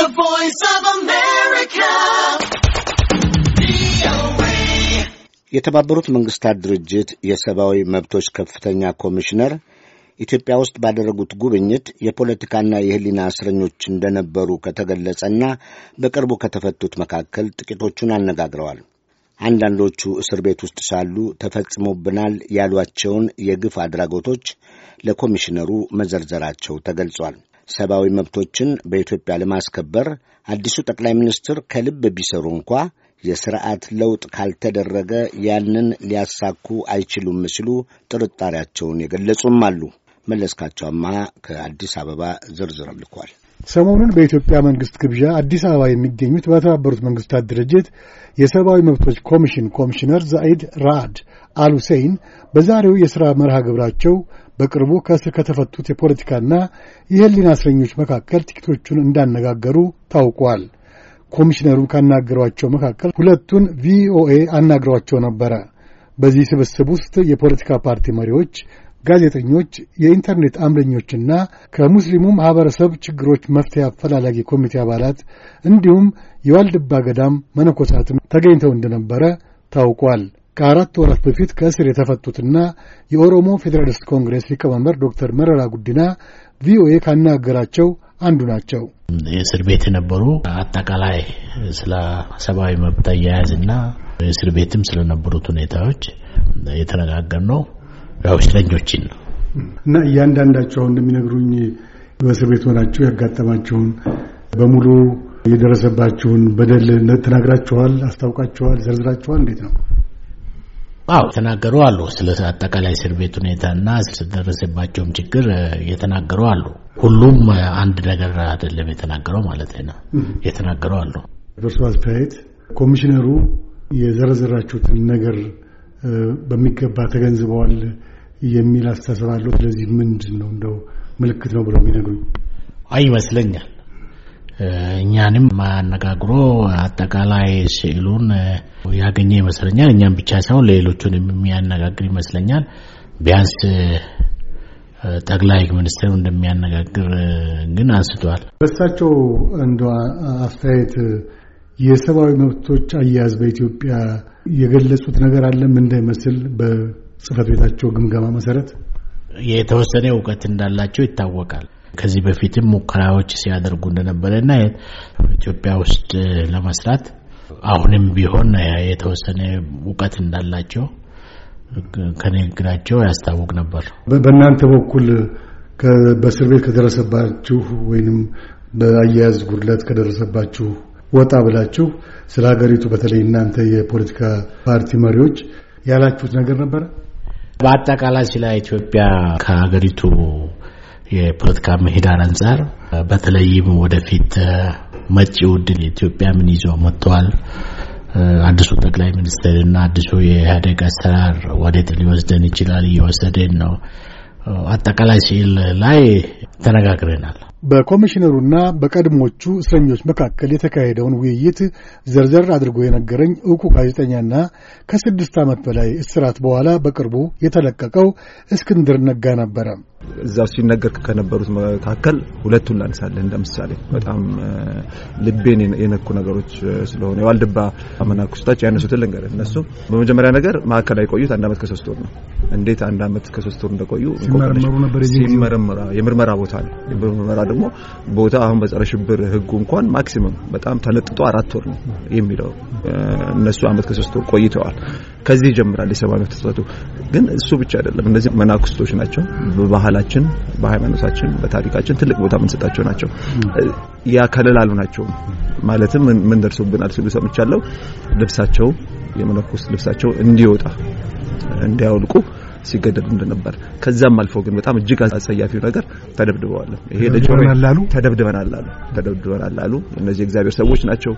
The Voice of America. የተባበሩት መንግስታት ድርጅት የሰብአዊ መብቶች ከፍተኛ ኮሚሽነር ኢትዮጵያ ውስጥ ባደረጉት ጉብኝት የፖለቲካና የሕሊና እስረኞች እንደነበሩ ከተገለጸና በቅርቡ ከተፈቱት መካከል ጥቂቶቹን አነጋግረዋል። አንዳንዶቹ እስር ቤት ውስጥ ሳሉ ተፈጽሞብናል ያሏቸውን የግፍ አድራጎቶች ለኮሚሽነሩ መዘርዘራቸው ተገልጿል። ሰብአዊ መብቶችን በኢትዮጵያ ለማስከበር አዲሱ ጠቅላይ ሚኒስትር ከልብ ቢሰሩ እንኳ የሥርዓት ለውጥ ካልተደረገ ያንን ሊያሳኩ አይችሉም ሲሉ ጥርጣሬያቸውን የገለጹም አሉ። መለስካቸው አማሃ ከአዲስ አበባ ዝርዝር ልኳል። ሰሞኑን በኢትዮጵያ መንግስት ግብዣ አዲስ አበባ የሚገኙት በተባበሩት መንግስታት ድርጅት የሰብአዊ መብቶች ኮሚሽን ኮሚሽነር ዛኢድ ራአድ አል በዛሬው የሥራ መርሃ ግብራቸው በቅርቡ ከእስር ከተፈቱት የፖለቲካና የህሊን እስረኞች መካከል ጥቂቶቹን እንዳነጋገሩ ታውቋል። ኮሚሽነሩን ካናገሯቸው መካከል ሁለቱን ቪኦኤ አናግሯቸው ነበረ። በዚህ ስብስብ ውስጥ የፖለቲካ ፓርቲ መሪዎች ጋዜጠኞች፣ የኢንተርኔት አምረኞችና ከሙስሊሙ ማኅበረሰብ ችግሮች መፍትሄ አፈላላጊ ኮሚቴ አባላት እንዲሁም የዋልድባ ገዳም መነኮሳትም ተገኝተው እንደነበረ ታውቋል። ከአራት ወራት በፊት ከእስር የተፈቱትና የኦሮሞ ፌዴራሊስት ኮንግሬስ ሊቀመንበር ዶክተር መረራ ጉዲና ቪኦኤ ካናገራቸው አንዱ ናቸው። የእስር ቤት የነበሩ አጠቃላይ ስለ ሰብአዊ መብት አያያዝና የእስር ቤትም ስለነበሩት ሁኔታዎች የተነጋገር ነው እስረኞችን ነው እና እያንዳንዳቸው አሁን እንደሚነግሩኝ በእስር ቤት ሆናችሁ ያጋጠማችሁን በሙሉ የደረሰባችሁን በደል ተናግራችኋል፣ አስታውቃችኋል፣ ዘርዝራችኋል። እንዴት ነው? አዎ የተናገሩ አሉ። ስለ አጠቃላይ እስር ቤት ሁኔታና ስለደረሰባቸውም ችግር የተናገሩ አሉ። ሁሉም አንድ ነገር አይደለም የተናገረው ማለት ነው። የተናገሩ አሉ። በእርሱ አስተያየት ኮሚሽነሩ የዘረዘራችሁትን ነገር በሚገባ ተገንዝበዋል የሚል አስተሳሰብ አለው። ስለዚህ ምንድን ነው እንደው ምልክት ነው ብለው የሚነግሩኝ አይ ይመስለኛል። እኛንም አነጋግሮ አጠቃላይ ስዕሉን ያገኘ ይመስለኛል። እኛም ብቻ ሳይሆን ሌሎቹን የሚያነጋግር ይመስለኛል። ቢያንስ ጠቅላይ ሚኒስትሩ እንደሚያነጋግር ግን አንስቷል። በእሳቸው እንደ አስተያየት የሰብአዊ መብቶች አያያዝ በኢትዮጵያ የገለጹት ነገር አለ ምን እንዳይመስል ጽህፈት ቤታቸው ግምገማ መሰረት የተወሰነ እውቀት እንዳላቸው ይታወቃል። ከዚህ በፊትም ሙከራዎች ሲያደርጉ እንደነበረ እና ኢትዮጵያ ውስጥ ለመስራት አሁንም ቢሆን የተወሰነ እውቀት እንዳላቸው ከንግግራቸው ያስታውቅ ነበር። በእናንተ በኩል በእስር ቤት ከደረሰባችሁ ወይንም በአያያዝ ጉድለት ከደረሰባችሁ ወጣ ብላችሁ ስለ ሀገሪቱ በተለይ እናንተ የፖለቲካ ፓርቲ መሪዎች ያላችሁት ነገር ነበረ? በአጠቃላይ ስለ ኢትዮጵያ ከሀገሪቱ የፖለቲካ ምህዳር አንጻር በተለይም ወደፊት መጪው ዕድል ኢትዮጵያ ምን ይዞ መጥተዋል፣ አዲሱ ጠቅላይ ሚኒስትር ና አዲሱ የኢህአዴግ አሰራር ወዴት ሊወስደን ይችላል፣ እየወሰደን ነው፣ አጠቃላይ ስዕል ላይ ተነጋግረናል። በኮሚሽነሩና በቀድሞቹ እስረኞች መካከል የተካሄደውን ውይይት ዘርዘር አድርጎ የነገረኝ እውቁ ጋዜጠኛና ከስድስት ዓመት በላይ እስራት በኋላ በቅርቡ የተለቀቀው እስክንድር ነጋ ነበረ። እዛው ሲነገር ከነበሩት መካከል ሁለቱን ላንሳለን እንደ ምሳሌ። በጣም ልቤን የነኩ ነገሮች ስለሆነ የዋልድባ መናኩስታች ያነሱትን ልንገር። እነሱ በመጀመሪያ ነገር ማዕከላዊ ቆዩት አንድ አመት ከሶስት ወር ነው። እንዴት አንድ አመት ከሶስት ወር እንደቆዩ ሲመረመሩ የምርመራ ቦታ ነው ደግሞ ቦታ አሁን በጸረ ሽብር ህጉ እንኳን ማክሲመም በጣም ተለጥጦ አራት ወር ነው የሚለው እነሱ አመት ከሶስት ወር ቆይተዋል። ከዚህ ይጀምራል የሰብአዊ መብት ጥሰቱ። ግን እሱ ብቻ አይደለም። እነዚህ መናኩስቶች ናቸው። በባህላችን፣ በሃይማኖታችን፣ በታሪካችን ትልቅ ቦታ የምንሰጣቸው ናቸው። ያ ከለላሉ ናቸው ማለትም ምን ደርሶብናል ሲሉ ሰምቻለሁ። ልብሳቸው የመነኩስ ልብሳቸው እንዲወጣ እንዲያወልቁ ሲገደሉ እንደነበር ከዛም አልፎ ግን በጣም እጅግ አጸያፊው ነገር ተደብድበዋል። ይሄ ተደብድበናል አሉ ተደብድበናል አሉ። እነዚህ እግዚአብሔር ሰዎች ናቸው፣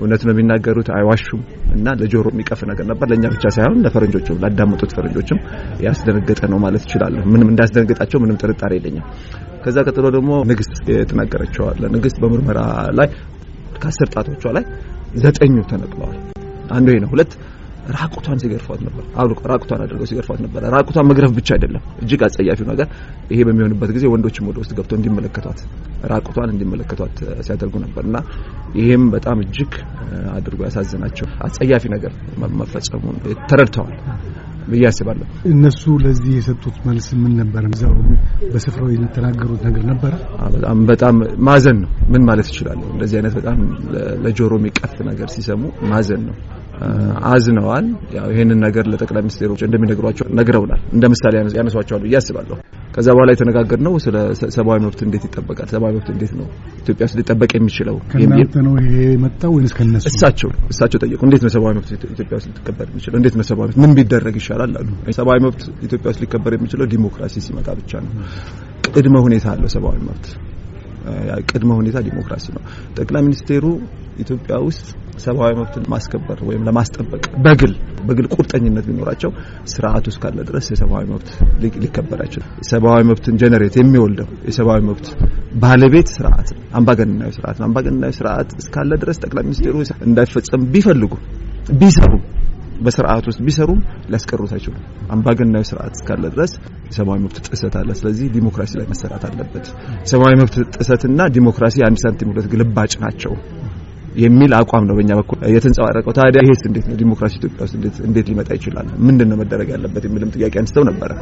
እውነት ነው የሚናገሩት፣ አይዋሹም እና ለጆሮ የሚቀፍ ነገር ነበር። ለእኛ ብቻ ሳይሆን ለፈረንጆችም ላዳመጡት ፈረንጆችም ያስደነገጠ ነው ማለት እችላለሁ። ምንም እንዳስደነገጣቸው ምንም ጥርጣሬ የለኝም። ከዛ ቀጥሎ ደግሞ ንግስት የተናገረችው አለ። ንግስት በምርመራ ላይ ከአስር ጣቶቿ ላይ ዘጠኙ ተነቅለዋል። አንዱ ይሄ ነው። ሁለት ራቁቷን ሲገርፏት ነበር። አውልቆ ራቁቷን አድርገው ሲገርፏት ነበር። ራቁቷን መግረፍ ብቻ አይደለም፣ እጅግ አጸያፊው ነገር ይሄ በሚሆንበት ጊዜ ወንዶችም ወደ ውስጥ ገብተው እንዲመለከቷት፣ ራቁቷን እንዲመለከቷት ሲያደርጉ ነበርና ይሄም በጣም እጅግ አድርጎ ያሳዘናቸው አጸያፊ ነገር መፈጸሙን ተረድተዋል ብዬ አስባለሁ። እነሱ ለዚህ የሰጡት መልስ ምን ነበር? እዛው በስፍራው የተናገሩት ነገር ነበር። በጣም በጣም ማዘን ነው። ምን ማለት ይችላል? እንደዚህ አይነት በጣም ለጆሮ የሚቀፍ ነገር ሲሰሙ ማዘን ነው። አዝነዋል። ያው ይህንን ነገር ለጠቅላይ ሚኒስትሩ እንደሚነግሯቸው ነግረውናል። እንደ ምሳሌ ያነሷቸዋል ብዬ አስባለሁ። ከዛ በኋላ የተነጋገርነው ስለ ሰብአዊ መብት እንዴት ይጠበቃል፣ ሰብአዊ መብት እንዴት ነው ኢትዮጵያ ውስጥ ሊጠበቅ የሚችለው ከእናንተ ነው ይሄ የመጣው ወይስ ከነሱ? እሳቸው እሳቸው ጠየቁ። እንዴት ነው ሰብአዊ መብት ኢትዮጵያ ውስጥ ሊከበር የሚችለው? እንዴት ነው ሰብአዊ መብት ምን ቢደረግ ይሻላል አሉ። ሰብአዊ መብት ኢትዮጵያ ውስጥ ሊከበር የሚችለው ዲሞክራሲ ሲመጣ ብቻ ነው። ቅድመ ሁኔታ አለው ሰብአዊ መብት ቅድመ ሁኔታ ዲሞክራሲ ነው። ጠቅላይ ሚኒስቴሩ ኢትዮጵያ ውስጥ ሰብአዊ መብትን ማስከበር ወይም ለማስጠበቅ በግል በግል ቁርጠኝነት ቢኖራቸው ስርዓቱ እስካለ ድረስ የሰብአዊ መብት ሊከበር አይችልም። የሰብአዊ መብትን ጀነሬት የሚወልደው የሰብአዊ መብት ባለቤት ስርዓት አምባገነናዊ ስርዓት አምባገነናዊ ስርዓት እስካለ ድረስ ጠቅላይ ሚኒስቴሩ እንዳይፈጸም ቢፈልጉ ቢሰሩ በስርዓት ውስጥ ቢሰሩም ሊያስቀሩት አይችሉም። አምባገናዊ ስርዓት እስካለ ድረስ የሰብአዊ መብት ጥሰት አለ። ስለዚህ ዲሞክራሲ ላይ መሰራት አለበት። የሰብአዊ መብት ጥሰትና ዲሞክራሲ አንድ ሳንቲም ሁለት ግልባጭ ናቸው። የሚል አቋም ነው በእኛ በኩል የተንጸባረቀው። ታዲያ ይሄስ እንዴት ነው ዲሞክራሲ ኢትዮጵያ ውስጥ እንዴት ሊመጣ ይችላል? ምንድን ነው መደረግ ያለበት የሚልም ጥያቄ አንስተው ነበረ።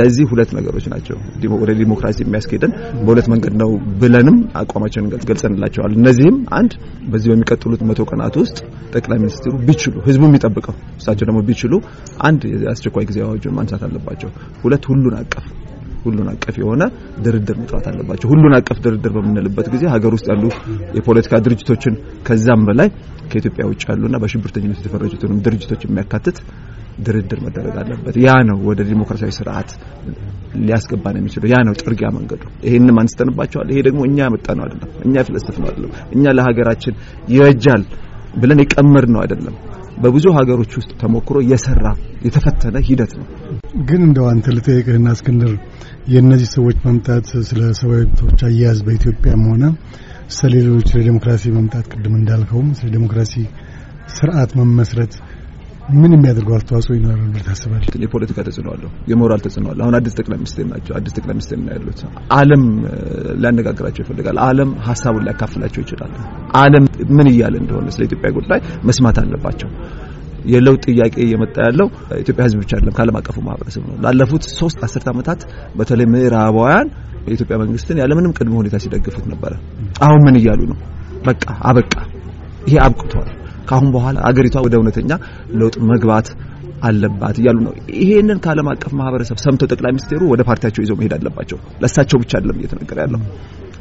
ለዚህ ሁለት ነገሮች ናቸው ወደ ዲሞክራሲ የሚያስኬደን በሁለት መንገድ ነው ብለንም አቋማችንን ገልጸንላቸዋል። እነዚህም አንድ በዚህ በሚቀጥሉት መቶ ቀናት ውስጥ ጠቅላይ ሚኒስትሩ ቢችሉ ህዝቡ የሚጠብቀው እሳቸው ደግሞ ቢችሉ አንድ የአስቸኳይ ጊዜ አዋጁን ማንሳት አለባቸው። ሁለት ሁሉን አቀፍ ሁሉን አቀፍ የሆነ ድርድር መጥራት አለባቸው። ሁሉን አቀፍ ድርድር በምንልበት ጊዜ ሀገር ውስጥ ያሉ የፖለቲካ ድርጅቶችን ከዛም በላይ ከኢትዮጵያ ውጭ ያሉና በሽብርተኝነት የተፈረጁትንም ድርጅቶች የሚያካትት ድርድር መደረግ አለበት። ያ ነው ወደ ዲሞክራሲያዊ ስርዓት ሊያስገባን የሚችለው ያ ነው ጥርጊያ መንገዱ። ይሄንም አንስተንባቸዋል። ይሄ ደግሞ እኛ ያመጣ ነው አይደለም፣ እኛ ፍልስፍ ነው አይደለም፣ እኛ ለሀገራችን ይረጃል ብለን የቀመር ነው አይደለም። በብዙ ሀገሮች ውስጥ ተሞክሮ የሰራ የተፈተነ ሂደት ነው። ግን እንደው አንተ ልጠይቅህና እስክንድር የእነዚህ ሰዎች መምጣት ስለ ሰብአዊ መብቶች አያያዝ በኢትዮጵያም ሆነ ስለ ሌሎች ለዴሞክራሲ መምጣት ቅድም እንዳልከውም ስለ ዴሞክራሲ ስርዓት መመስረት ምን የሚያደርገው አስተዋጽኦ ይኖራል ብለህ ታስባለህ? የፖለቲካ ተጽዕኖ አለው፣ የሞራል ተጽዕኖ አለው። አሁን አዲስ ጠቅላይ ሚኒስትር ናቸው። አዲስ ጠቅላይ ሚኒስትር ነው ያሉት። ዓለም ሊያነጋግራቸው ይፈልጋል። ዓለም ሀሳቡን ሊያካፍላቸው ይችላል። ዓለም ምን እያለ እንደሆነ ስለ ኢትዮጵያ ጉዳይ መስማት አለባቸው። የለውጥ ጥያቄ እየመጣ ያለው ኢትዮጵያ ሕዝብ ብቻ አይደለም፣ ከዓለም አቀፉ ማህበረሰብ ነው። ላለፉት ሶስት አስርት ዓመታት በተለይ ምዕራባውያን የኢትዮጵያ መንግስትን ያለምንም ቅድመ ሁኔታ ሲደግፉት ነበረ። አሁን ምን እያሉ ነው? በቃ አበቃ፣ ይሄ አብቅቷል ከአሁን በኋላ አገሪቷ ወደ እውነተኛ ለውጥ መግባት አለባት እያሉ ነው። ይሄንን ከዓለም አቀፍ ማህበረሰብ ሰምተው ጠቅላይ ሚኒስትሩ ወደ ፓርቲያቸው ይዘው መሄድ አለባቸው። ለእሳቸው ብቻ አይደለም እየተነገረ ያለው።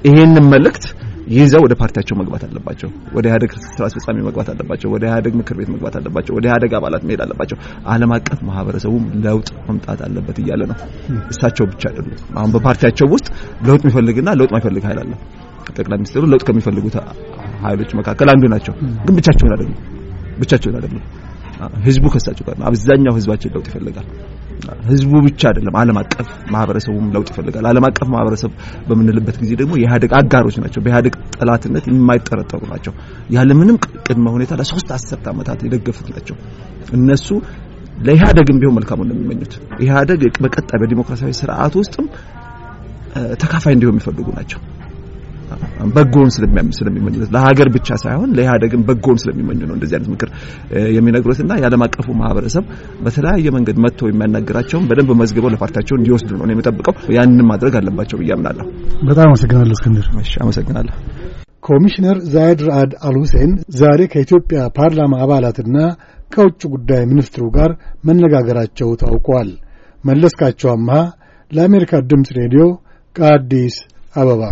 ይሄንን መልእክት ይዘው ወደ ፓርቲያቸው መግባት አለባቸው። ወደ ያደግ ስራ አስፈጻሚ መግባት አለባቸው። ወደ ኢህአዴግ ምክር ቤት መግባት አለባቸው። ወደ ኢህአዴግ አባላት መሄድ አለባቸው። ዓለም አቀፍ ማህበረሰቡም ለውጥ መምጣት አለበት እያለ ነው። እሳቸው ብቻ አይደሉም። አሁን በፓርቲያቸው ውስጥ ለውጥ የሚፈልግና ለውጥ የማይፈልግ ኃይል አለ። ጠቅላይ ሚኒስትሩ ለውጥ ከሚፈልጉት ኃይሎች መካከል አንዱ ናቸው። ግን ብቻቸውን አይደሉም፣ ብቻቸውን አይደሉም። ህዝቡ ከሳቸው ጋር ነው። አብዛኛው ህዝባችን ለውጥ ይፈልጋል። ህዝቡ ብቻ አይደለም፣ ዓለም አቀፍ ማህበረሰቡም ለውጥ ይፈልጋል። ዓለም አቀፍ ማህበረሰብ በምንልበት ጊዜ ደግሞ የኢህአዴግ አጋሮች ናቸው። በኢህአዴግ ጠላትነት የማይጠረጠሩ ናቸው። ያለ ምንም ቅድመ ሁኔታ ለሶስት አስርት ዓመታት የደገፉት ናቸው። እነሱ ለኢህአዴግም ቢሆን መልካሙን ነው የሚመኙት። ኢህአዴግ በቀጣይ በዲሞክራሲያዊ ስርዓት ውስጥም ተካፋይ እንዲሆን የሚፈልጉ ናቸው። በጎውን ስለሚመኙ ለሀገር ብቻ ሳይሆን ለኢህአዴግም በጎውን ስለሚመኙ ነው እንደዚህ አይነት ምክር የሚነግሩትና የዓለም አቀፉ ማህበረሰብ በተለያየ መንገድ መጥቶ የሚያናገራቸውን በደንብ መዝግበው ለፓርቲያቸው እንዲወስዱ ነው የሚጠብቀው። ያንን ማድረግ አለባቸው ብዬ አምናለሁ። በጣም አመሰግናለሁ እስክንድር። እሺ አመሰግናለሁ። ኮሚሽነር ዛይድ ራአድ አልሁሴን ዛሬ ከኢትዮጵያ ፓርላማ አባላትና ከውጭ ጉዳይ ሚኒስትሩ ጋር መነጋገራቸው ታውቋል። መለስካቸው አምሃ ለአሜሪካ ድምፅ ሬዲዮ ከአዲስ አበባ